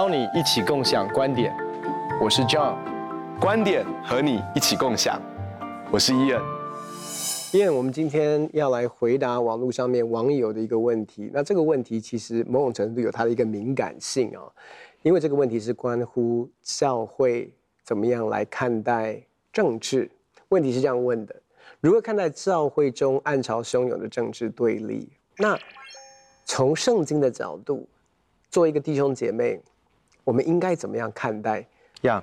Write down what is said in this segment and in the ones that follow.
邀你一起共享觀點，我是 John，觀點和你一起共享，我是伊恩。伊恩，我們今天要來回答網絡上面網友的一個問題。那這個問題其實某種程度有它的一個敏感性啊、哦，因為這個問題是關乎教會怎麼樣來看待政治。問題是這樣問的：如何看待教會中暗潮洶湧的政治對立？那從聖經的角度，作為一個弟兄姐妹，我們應該怎麼樣看待？樣，yeah,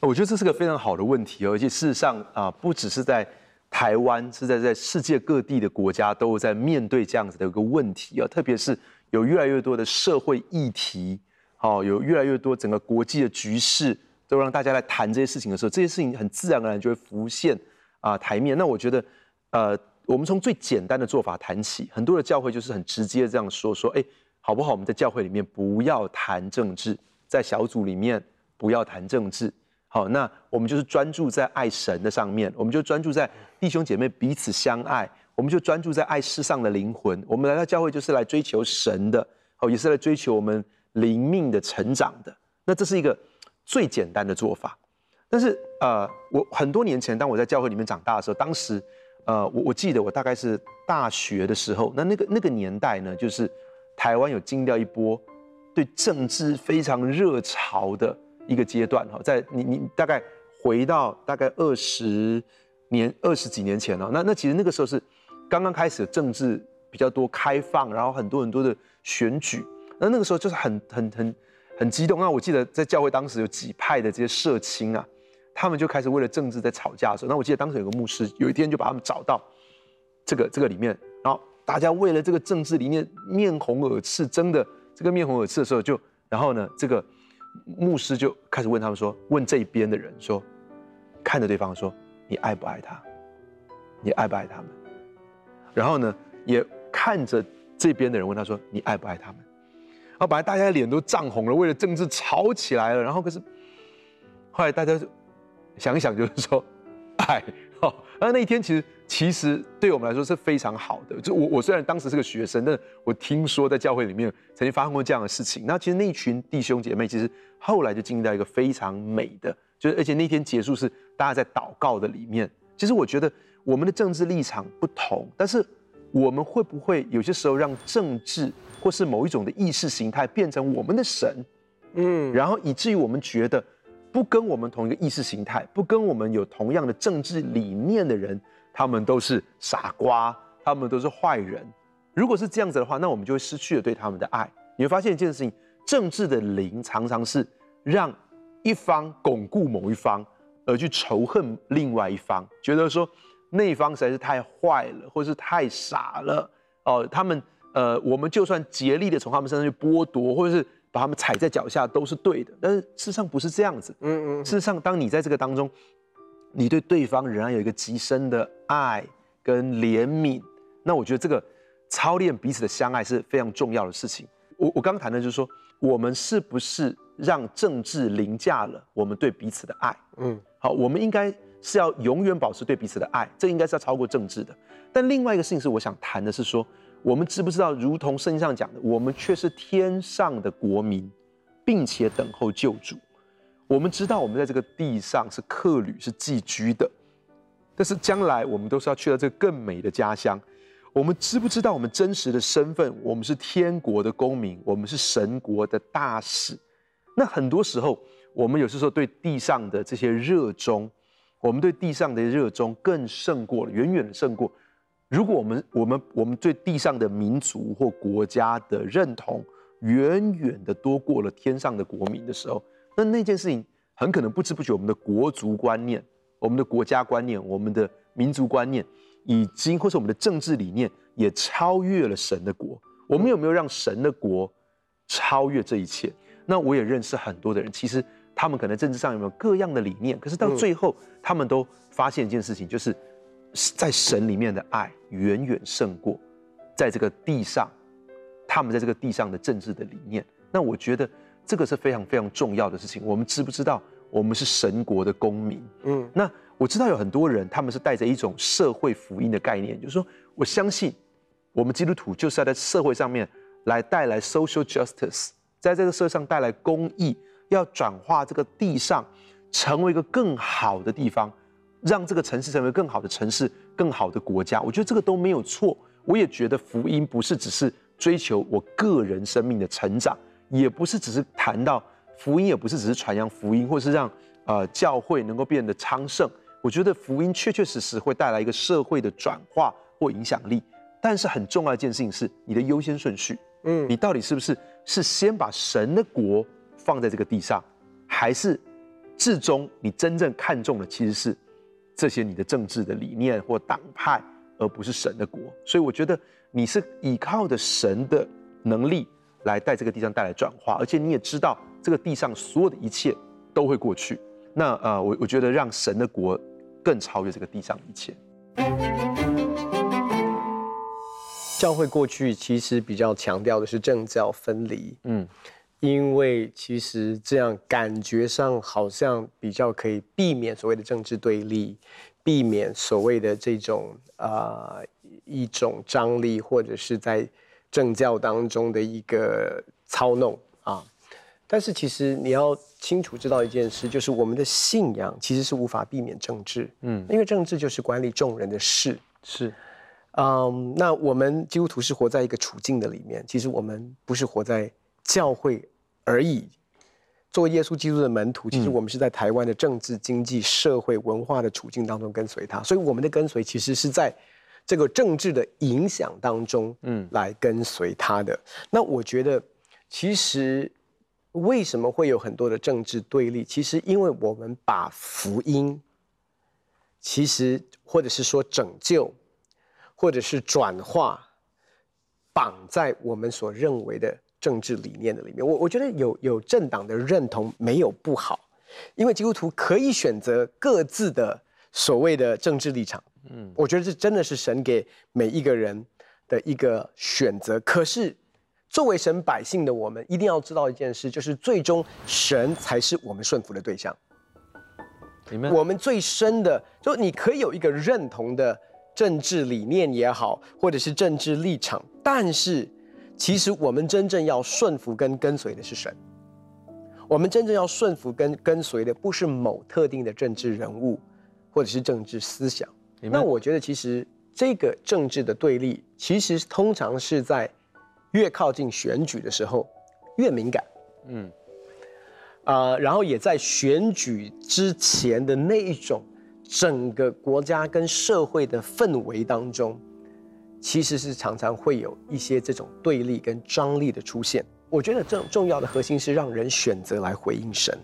我覺得這是個非常好的問題哦。而且事實上啊、呃，不只是在台灣，是在在世界各地的國家，都在面對這樣子的一個問題啊、哦。特別是有越來越多的社會議題，哦、有越來越多整個國際的局勢，都讓大家來談這些事情的時候，這些事情很自然而然就會浮現啊、呃、台面。那我覺得，呃，我們從最簡單的做法談起，很多的教會就是很直接這樣說：說，誒，好不好？我們在教會裡面不要談政治。在小組裡面不要談政治，好，那我們就是專注在愛神的上面，我們就專注在弟兄姐妹彼此相愛，我們就專注在愛世上的靈魂。我們來到教會就是來追求神的，哦，也是來追求我們靈命的成長的。那這是一個最簡單的做法。但是呃，我很多年前，當我在教會裡面長大的時候，當時呃，我我記得我大概是大學的時候，那那個那個年代呢，就是台灣有進掉一波。對政治非常熱潮的一個階段，哈，在你你大概回到大概二十年二十幾年前，那那其實那個時候是剛剛開始的政治比較多開放，然後很多很多的選舉，那那個時候就是很很很很激動。那我記得在教會當時有幾派的這些社青啊，他們就開始為了政治在吵架的時候，那我記得當時有個牧師有一天就把他們找到這個這個裡面，然後大家為了這個政治裡面面紅耳赤，真的。這個面紅耳赤的時候就，就然後呢，這個牧師就開始問他們說：“問這邊的人說，看着對方說，你愛不愛他？你愛不愛他們？”然後呢，也看着這邊的人問他說：“你愛不愛他們？”然後本來大家的臉都漲紅了，為了政治吵起來了。然後可是後來大家就想一想，就是說愛。好，那那一天其實其實對我們來說是非常好的。就我我雖然當時是個學生，但我聽說在教會裡面曾經發生過這樣的事情。那其實那一群弟兄姐妹，其實後來就經歷到一個非常美的，就是而且那一天結束是大家在禱告的裡面。其實我覺得我們的政治立場不同，但是我們會不會有些時候讓政治或是某一種的意識形態變成我們的神？嗯，然後以至於我們覺得。不跟我們同一個意識形態，不跟我們有同樣的政治理念的人，他們都是傻瓜，他們都是壞人。如果是這樣子的話，那我們就會失去了對他們的愛。你會發現一件事情，政治的靈常常是讓一方鞏固某一方，而去仇恨另外一方，覺得說那一方實在是太壞了，或是太傻了。哦、呃，他們呃，我們就算竭力的從他們身上去剝奪，或者是。把他們踩在腳下都是對的，但是事實上不是這樣子。嗯嗯。嗯，事實上，當你在這個當中，你對對方仍然有一個極深的愛跟憐憫，那我覺得這個操練彼此的相愛是非常重要的事情。我我剛剛談的就是說，我們是不是讓政治凌駕了我們對彼此的愛？嗯。好，我們應該是要永遠保持對彼此的愛，這應該是要超過政治的。但另外一個事情是，我想談的是說。我們知不知道，如同聖經上講的，我們卻是天上的國民，並且等候救主。我們知道我們在這個地上是客旅，是寄居的，但是將來我們都是要去到這個更美的家鄉。我們知不知道我們真實的身份？我們是天國的公民，我們是神國的大使。那很多時候，我們有時候對地上的這些熱衷，我們對地上的熱衷更勝過了，遠遠的勝過。如果我們我們我們對地上的民族或國家的認同遠遠的多過了天上的國民的時候，那那件事情很可能不知不覺，我們的國族觀念、我們的國家觀念、我們的民族觀念，以及或是我們的政治理念也超越了神的國。我們有沒有讓神的國超越這一切？那我也認識很多的人，其實他們可能政治上有沒有各樣的理念，可是到最後他們都發現一件事情，就是。在神裡面的愛遠遠勝過，在這個地上，他們在這個地上的政治的理念。那我覺得這個是非常非常重要的事情。我們知不知道我們是神國的公民？嗯，那我知道有很多人他們是帶着一種社會福音的概念，就是說我相信我們基督徒就是要在社會上面來帶來 social justice，在這個社會上帶來公義，要轉化這個地上成為一個更好的地方。讓這個城市成為更好的城市，更好的國家，我覺得這個都沒有錯。我也覺得福音不是只是追求我個人生命的成長，也不是只是談到福音，也不是只是傳揚福音，或是讓呃教會能夠變得昌盛。我覺得福音確確實實會帶來一個社會的轉化或影響力。但是很重要的一件事情是，你的優先順序，嗯，你到底是不是是先把神的國放在這個地上，還是至終你真正看重的其實是？這些你的政治的理念或黨派，而不是神的國。所以我覺得你是依靠的神的能力來在這個地上帶來轉化，而且你也知道這個地上所有的一切都會過去。那我、呃、我覺得讓神的國更超越這個地上一切。教會過去其實比較強調的是政教分離，嗯。因為其實這樣感覺上好像比較可以避免所謂的政治對立，避免所謂的這種啊、呃、一種張力，或者是在政教當中的一個操弄啊。但是其實你要清楚知道一件事，就是我們的信仰其實是無法避免政治，嗯，因為政治就是管理眾人的事。是，嗯、呃，那我們基督徒是活在一個處境的裡面，其實我們不是活在教會。而已。作為耶穌基督的門徒，其實我們是在台灣的政治、經濟、社會、文化的處境當中跟隨他，所以我們的跟隨其實是在這個政治的影響當中，嗯，來跟隨他的。嗯、那我覺得，其實為什麼會有很多的政治對立？其實因為我們把福音，其實或者是說拯救，或者是轉化，綁在我們所認為的。政治理念的裡面，我我覺得有有政黨的認同沒有不好，因為基督徒可以選擇各自的所謂的政治立場。嗯，我覺得這真的是神給每一個人的一個選擇。可是，作為神百姓的我們，一定要知道一件事，就是最終神才是我們順服的對象。裡面，我們最深的，就你可以有一個認同的政治理念也好，或者是政治立場，但是。其實我們真正要順服跟跟隨的是神。我們真正要順服跟跟隨的不是某特定的政治人物，或者是政治思想。那我覺得其實這個政治的對立，其實通常是在越靠近選舉的時候越敏感。嗯，啊，然後也在選舉之前的那一種整個國家跟社會的氛圍當中。其實是常常會有一些這種對立跟張力的出現。我覺得這重要的核心是讓人選擇來回應神。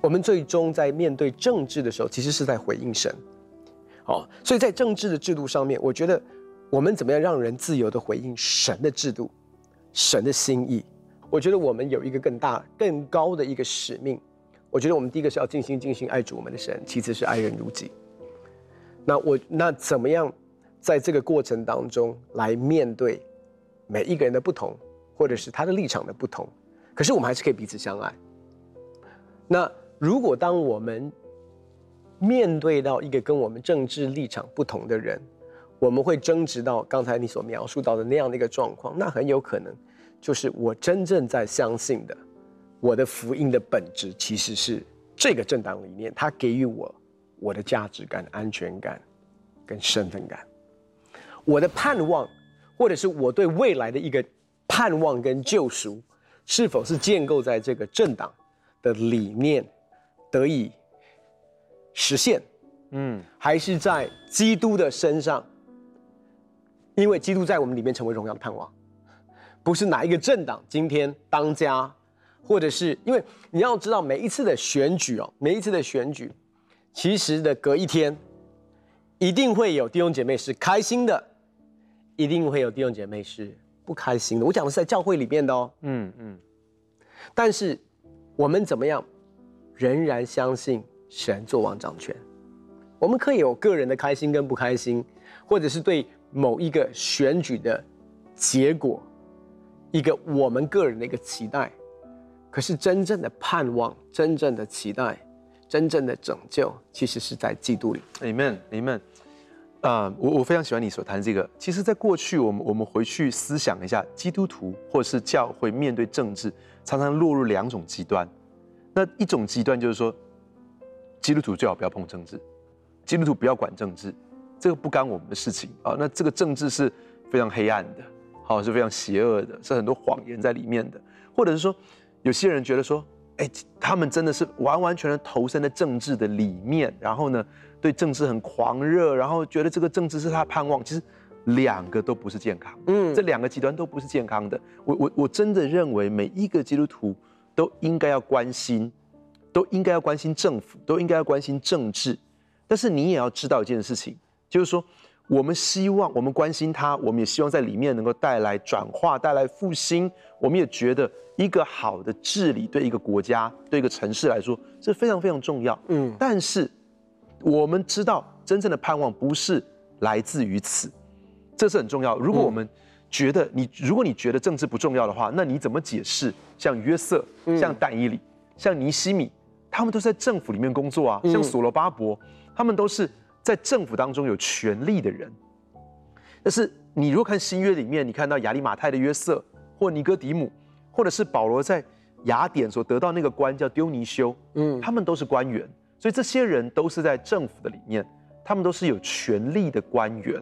我們最終在面對政治的時候，其實是在回應神。好，所以在政治的制度上面，我覺得我們怎麼樣讓人自由的回應神的制度、神的心意？我覺得我們有一個更大、更高的一個使命。我覺得我們第一個是要盡心盡性愛主我們的神，其次是愛人如己。那我那怎麼樣？在這個過程當中來面對每一個人的不同，或者是他的立場的不同，可是我們還是可以彼此相愛。那如果當我們面對到一個跟我們政治立場不同的人，我們會爭執到剛才你所描述到的那樣的一個狀況，那很有可能就是我真正在相信的，我的福音的本質其實是這個政黨理念，它給予我我的價值感、安全感跟身份感。我的盼望，或者是我對未來的一個盼望跟救贖，是否是建構在這個政黨的理念得以實現？嗯，還是在基督的身上？因為基督在我們裡面成為榮耀的盼望，不是哪一個政黨今天當家，或者是因為你要知道，每一次的選舉哦，每一次的選舉，其實的隔一天，一定會有弟兄姐妹是開心的。一定會有弟兄姐妹是不開心的。我講的是在教會裡面的哦。嗯嗯。嗯，但是我們怎麼樣，仍然相信神做王掌權。我們可以有個人的開心跟不開心，或者是對某一個選舉的結果，一個我們個人的一個期待。可是真正的盼望，真正的期待，真正的拯救，其實是在基督裡。阿門，阿門。啊，我、uh, 我非常喜歡你所談這個。其實，在過去，我們我們回去思想一下，基督徒或是教會面對政治，常常落入兩種極端。那一種極端就是說，基督徒最好不要碰政治，基督徒不要管政治，這個不干我們的事情啊。那這個政治是非常黑暗的，好，是非常邪惡的，是很多謊言在裡面的，或者是說，有些人覺得說。欸，他們真的是完完全全的投身在政治的裡面，然後呢，對政治很狂熱，然後覺得這個政治是他盼望。其實，兩個都不是健康，嗯，這兩個極端都不是健康的。我我我真的認為每一個基督徒都應該要關心，都應該要關心政府，都應該要關心政治。但是你也要知道一件事情，就是說。我們希望，我們關心他，我們也希望在裡面能夠帶來轉化、帶來復興。我們也覺得一個好的治理對一個國家、對一個城市來說，這非常非常重要。嗯，但是我們知道，真正的盼望不是來自於此，這是很重要。如果我們覺得、嗯、你，如果你覺得政治不重要的話，那你怎麼解釋？像約瑟、像但以理、嗯、像尼西米，他們都是在政府裡面工作啊。嗯、像所羅巴伯，他們都是。在政府當中有權力的人，但是你如果看新約裡面，你看到亞利馬太的約瑟或尼哥底母，或者是保羅在雅典所得到那個官叫丟尼修，嗯，他們都是官員，所以這些人都是在政府的裡面，他們都是有權力的官員。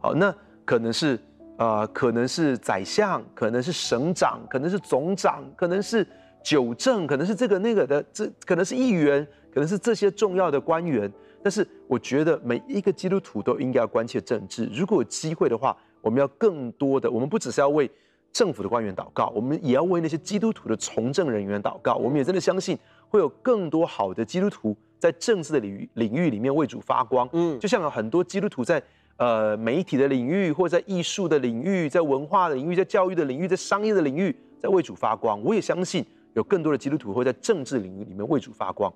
好，那可能是啊、呃，可能是宰相，可能是省長，可能是總長，可能是九政，可能是這個那個的，這可能是議員，可能是這些重要的官員。但是，我覺得每一個基督徒都應該要關切政治。如果有機會的話，我們要更多的，我們不只是要為政府的官員禱告，我們也要為那些基督徒的從政人員禱告。我們也真的相信會有更多好的基督徒在政治的領域領域裡面為主發光。嗯，就像有很多基督徒在呃媒體的領域，或者在藝術的領域、在文化的領域、在教育的領域、在商業的領域，在為主發光。我也相信。有更多的基督徒會在政治領域裡面為主發光。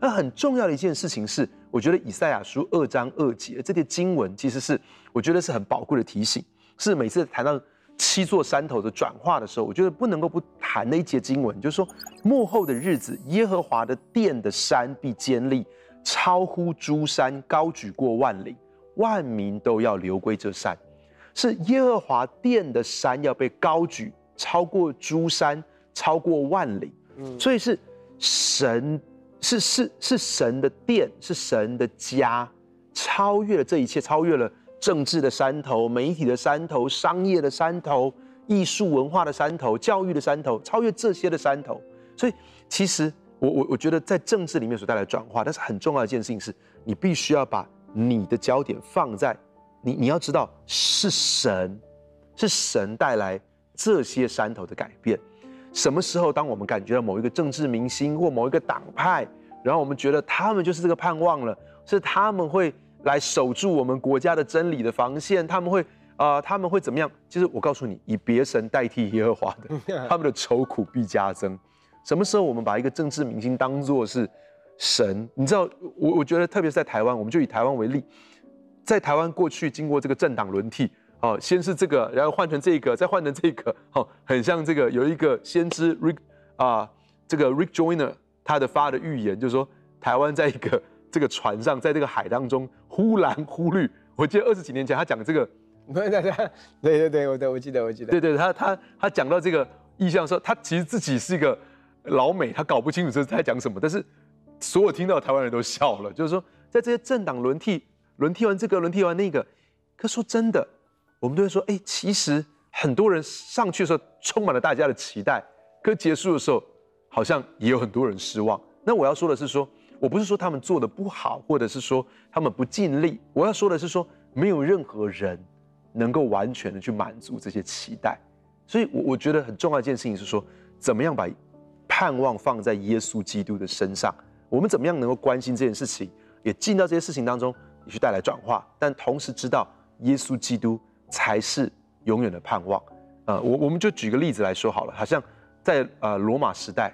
那很重要的一件事情是，我覺得以賽亞書二章二節這些經文，其實是我覺得是很寶貴的提醒。是每次談到七座山頭的轉化的時候，我覺得不能夠不談那一節經文，就是說末後的日子，耶和華的殿的山必堅立，超乎諸山，高舉過萬嶺，萬民都要流歸這山。是耶和華殿的山要被高舉，超過諸山。超過萬里，所以是神，是是是神的殿，是神的家，超越了這一切，超越了政治的山頭、媒體的山頭、商業的山頭、藝術文化的山頭、教育的山頭，超越這些的山頭。所以，其實我我我覺得在政治裡面所帶來的轉化，但是很重要的一件事情是，你必須要把你的焦點放在你你要知道是神，是神帶來這些山頭的改變。什麼時候，當我們感覺到某一個政治明星或某一個黨派，然後我們覺得他們就是這個盼望了，是他們會來守住我們國家的真理的防線，他們會啊、呃，他們會怎麼樣？其實我告訴你，以別神代替耶和華的，他們的愁苦必加增。什麼時候我們把一個政治明星當作是神？你知道，我我覺得，特別是在台灣，我們就以台灣為例，在台灣過去經過這個政黨輪替。哦，先是這個，然後換成這個，再換成這個。哦，很像這個有一個先知 Rick 啊，這個 Rick Joyner，他的發的預言就是說，台灣在一個這個船上，在這個海當中，忽藍忽綠。我記得二十幾年前他講這個，對對對，我對我記得我記得。記得對，對，對他他他講到這個意象的時候，他其實自己是一個老美，他搞不清楚這是他在講什麼，但是所有聽到台灣人都笑了，就是說，在這些政黨輪替，輪替完這個，輪替完那個，可說真的。我們都會說，誒，其實很多人上去的時候充滿了大家的期待，可結束的時候，好像也有很多人失望。那我要說的是說，說我不是說他們做得不好，或者是說他們不盡力。我要說的是說，說沒有任何人能夠完全的去滿足這些期待。所以我，我我覺得很重要一件事情是說，怎麼樣把盼望放在耶穌基督的身上，我們怎麼樣能夠關心這件事情，也進到這些事情當中，你去帶來轉化，但同時知道耶穌基督，才是永遠的盼望，呃，我我們就舉個例子來說好了，好像在呃羅馬時代，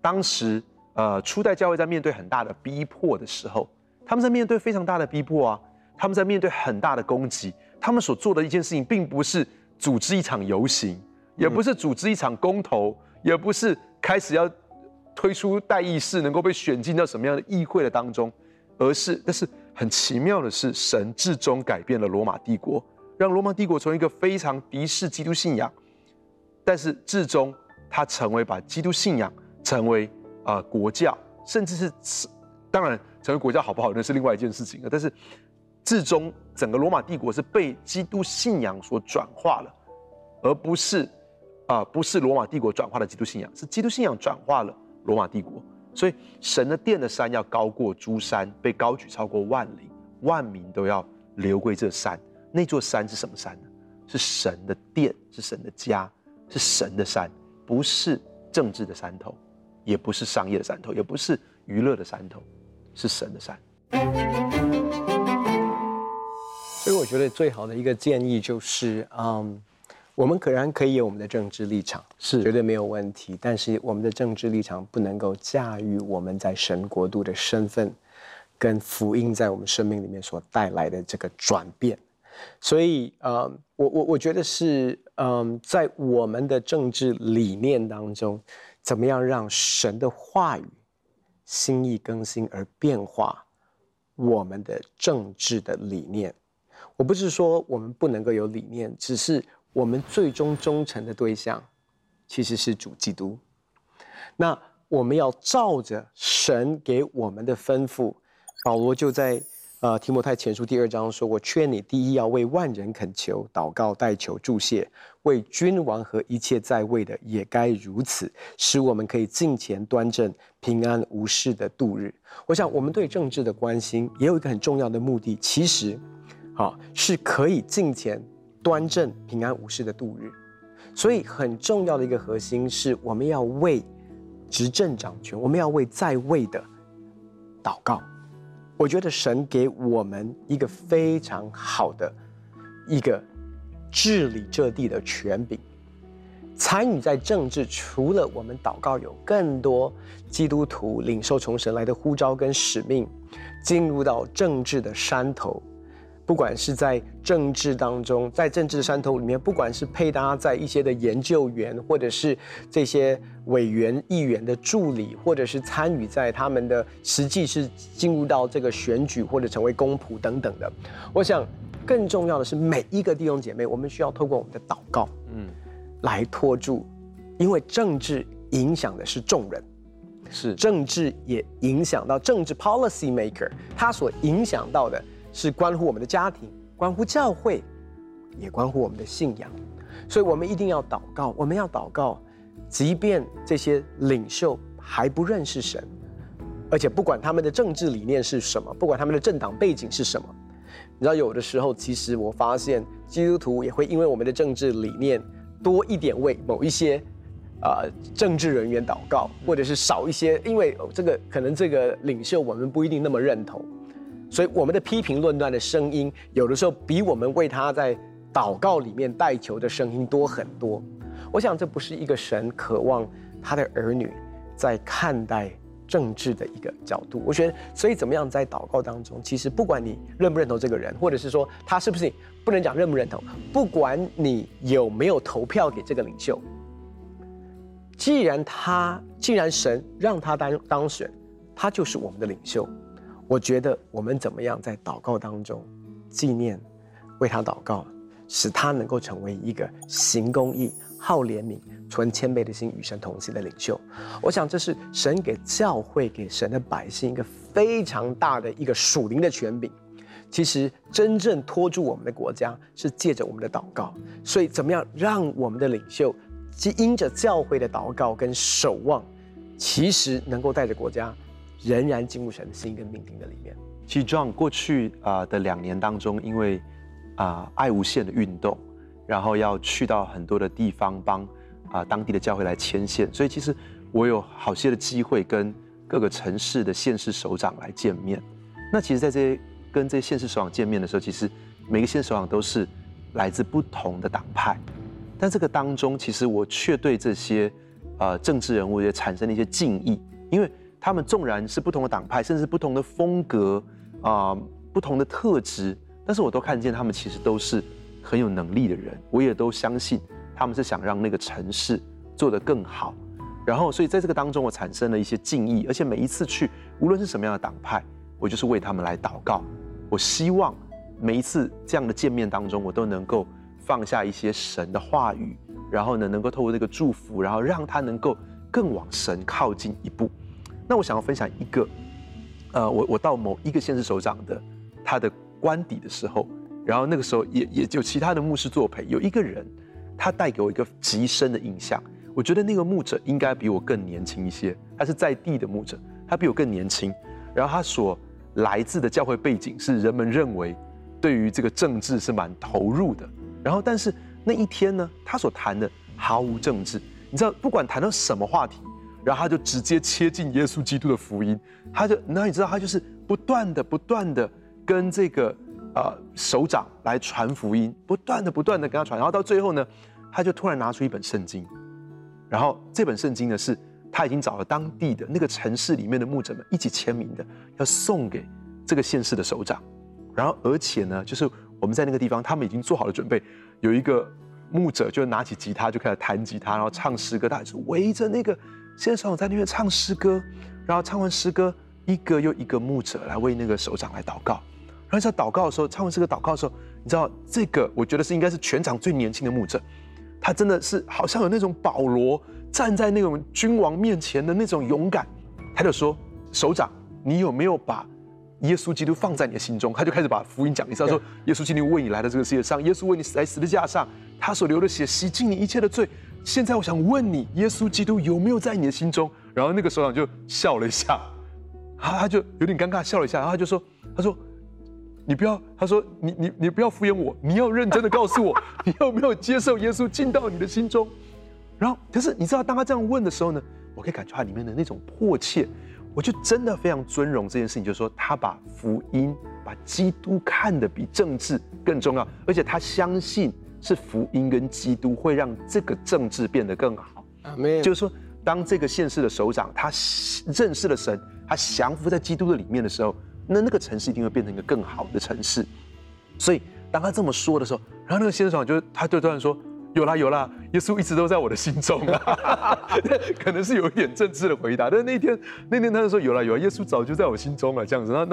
當時呃初代教會在面對很大的逼迫的時候，他們在面對非常大的逼迫啊，他們在面對很大的攻擊，他們所做的一件事情，並不是組織一場遊行，也不是組織一場公投，嗯、也不是開始要推出代議士能夠被選進到什麼樣的議會的當中，而是，但是很奇妙的是，神至終改變了羅馬帝國。讓羅馬帝國從一個非常敵視基督信仰，但是至終他成為把基督信仰成為啊、呃、國教，甚至是當然成為國教好不好？那是另外一件事情，但是至終整個羅馬帝國是被基督信仰所轉化了，而不是啊、呃、不是羅馬帝國轉化了基督信仰，是基督信仰轉化了羅馬帝國。所以神的殿的山要高過諸山，被高舉超過萬嶺，萬民都要流歸這山。那座山是什麼山呢？是神的殿，是神的家，是神的山，不是政治的山頭，也不是商業的山頭，也不是娛樂的山頭，是神的山。所以我覺得最好的一個建議就是，嗯、um，我們固然可以有我們的政治立場，是絕對沒有問題，但是我們的政治立場不能夠駕馭我們在神國度的身份，跟福音在我們生命裡面所帶來的這個轉變。所以，呃、嗯，我我我覺得是，嗯，在我們的政治理念當中，怎麼樣讓神的話語心意更新而變化我們的政治的理念？我不是說我們不能夠有理念，只是我們最終忠誠的對象其實是主基督。那我們要照着神給我們的吩咐，保羅就在。呃，提摩太前書第二章說：“我勸你，第一要為萬人懇求、禱告、代求、祝謝，為君王和一切在位的也該如此，使我們可以敬虔端正、平安無事的度日。”我想，我們對政治的關心也有一個很重要的目的，其實，好是可以敬虔端正、平安無事的度日。所以，很重要的一個核心是我們要為執政掌權，我們要為在位的禱告。我覺得神給我們一個非常好的一個治理這地的權柄，參與在政治，除了我們禱告，有更多基督徒領受從神來的呼召跟使命，進入到政治的山頭。不管是在政治當中，在政治的山頭裡面，不管是配搭在一些的研究員，或者是這些委員、議員的助理，或者是參與在他們的實際是進入到這個選舉或者成為公僕等等的，我想更重要的是，每一個弟兄姐妹，我們需要透過我們的禱告，嗯，來托住，因為政治影響的是眾人，是政治也影響到政治 policy maker，他所影響到的，是關乎我們的家庭，關乎教會，也關乎我們的信仰，所以我們一定要禱告。我們要禱告，即便這些領袖還不認識神，而且不管他們的政治理念是什麼，不管他們的政黨背景是什麼，你知道有的時候，其實我發現基督徒也會因為我們的政治理念多一點為某一些啊、呃、政治人員禱告，或者是少一些，因為、哦、這個可能這個領袖我們不一定那麼認同。所以我們的批評論斷的聲音，有的時候比我們為他在禱告裡面代求的聲音多很多。我想這不是一個神渴望他的兒女在看待政治的一個角度。我覺得，所以怎麼樣在禱告當中，其實不管你認不認同這個人，或者是說他是不是不能講認不認同，不管你有沒有投票給這個領袖，既然他，既然神讓他當當選，他就是我們的領袖。我覺得我們怎麼樣在禱告當中紀念，為他禱告，使他能夠成為一個行公義、好憐憫、存謙卑的心與神同行的領袖。我想這是神給教會、給神的百姓一個非常大的一個屬靈的權柄。其實真正托住我們的國家是借着我們的禱告。所以怎麼樣讓我們的領袖，即因着教會的禱告跟守望，其實能夠帶着國家。仍然進入神的心跟命定的裡面。其實 John 過去啊的兩年當中，因為啊、呃、愛無限的運動，然後要去到很多的地方幫啊、呃、當地的教會來牽線，所以其實我有好些的機會跟各個城市的縣市首長來見面。那其實，在這些跟這些縣市首長見面的時候，其實每個縣市首長都是來自不同的黨派，但這個當中，其實我卻對這些啊、呃、政治人物也產生了一些敬意，因為，他們縱然是不同的黨派，甚至是不同的風格啊、呃，不同的特質，但是我都看見他們其實都是很有能力的人。我也都相信他們是想讓那個城市做得更好。然後，所以在這個當中，我產生了一些敬意。而且每一次去，無論是什麼樣的黨派，我就是為他們來禱告。我希望每一次這樣的見面當中，我都能夠放下一些神的話語，然後呢，能夠透過這個祝福，然後讓他能夠更往神靠近一步。那我想要分享一個，呃，我我到某一個縣市首長的他的官邸的時候，然後那個時候也也就其他的牧師作陪，有一個人他帶給我一個極深的印象，我覺得那個牧者應該比我更年輕一些，他是在地的牧者，他比我更年輕，然後他所來自的教會背景是人們認為對於這個政治是蠻投入的，然後但是那一天呢，他所談的毫無政治，你知道不管談到什麼話題。然後他就直接切進耶穌基督的福音，他就，然後你知道他就是不斷的、不斷的跟這個啊首長來傳福音，不斷的、不斷的跟他傳，然後到最後呢，他就突然拿出一本聖經，然後這本聖經呢是他已經找了當地的那個城市裡面的牧者們一起簽名的，要送給這個縣市的首長，然後而且呢，就是我們在那個地方，他們已經做好了準備，有一個牧者就拿起吉他就開始彈吉他，然後唱詩歌，大家就圍着那個。現在首長在那邊唱詩歌，然後唱完詩歌，一個又一個牧者來為那個首長來禱告。然後在禱告的時候，唱完詩歌禱告的時候，你知道這個我覺得是應該是全場最年輕的牧者，他真的是好像有那種保羅站在那種君王面前的那種勇敢，他就說：“首長，你有沒有把耶穌基督放在你的心中？”他就開始把福音講，你知道說，耶穌基督為你來到這個世界上，耶穌為你死在十字架上，他所流的血洗淨你一切的罪。”現在我想問你，耶穌基督有沒有在你的心中？然後那個首長就笑了一下，他他就有點尷尬笑了一下，然後他就說：“他說你不要，他說你你你不要敷衍我，你要認真的告訴我，你有沒有接受耶穌進到你的心中？”然後，可是你知道，當他這樣問的時候呢，我可以感覺他裡面的那種迫切，我就真的非常尊榮這件事情，就是說他把福音、把基督看得比政治更重要，而且他相信。是福音跟基督會讓這個政治變得更好啊，沒有，就是說，當這個縣市的首長他認識了神，他降服在基督的裡面的時候，那那個城市一定會變成一個更好的城市。所以當他這麼說的時候，然後那個縣市首長就他就突然說：“有啦有啦，耶穌一直都在我的心中啊。”可能是有一點政治的回答，但是那天，那天他就說：“有啦有啦，耶穌早就在我心中了。”這樣子，那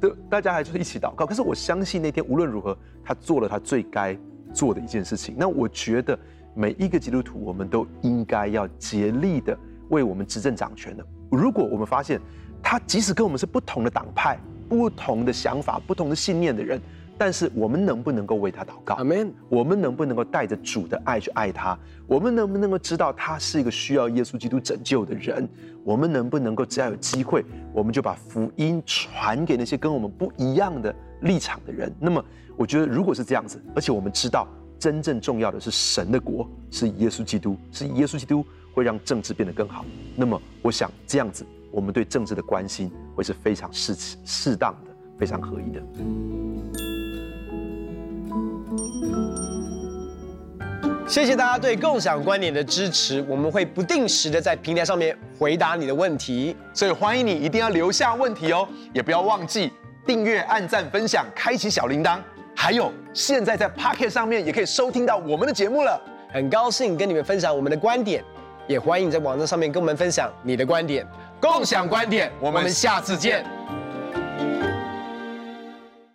那，大家還就是一起禱告。可是我相信那天無論如何，他做了他最該。做的一件事情，那我覺得每一個基督徒，我們都應該要竭力的為我們執政掌權的。如果我們發現他即使跟我們是不同的黨派、不同的想法、不同的信念的人，但是我們能不能夠為他禱告？Amen 我們能不能夠帶着主的愛去愛他？我們能不能夠知道他是一個需要耶穌基督拯救的人？我們能不能夠只要有機會，我們就把福音傳給那些跟我們不一樣的？立場的人，那麼我覺得如果是這樣子，而且我們知道真正重要的是神的國，是耶穌基督，是耶穌基督會讓政治變得更好，那麼我想這樣子，我們對政治的關心會是非常適適當的、非常合理的。謝謝大家對共享觀點的支持，我們會不定時的在平台上面回答你的問題，所以歡迎你一定要留下問題哦，也不要忘記，訂閱、按贊、分享、開啟小鈴鐺，還有現在在 Pocket 上面也可以收聽到我們的節目了。很高興跟你們分享我們的觀點，也歡迎在網站上面跟我們分享你的觀點，共享觀點。我們下次見。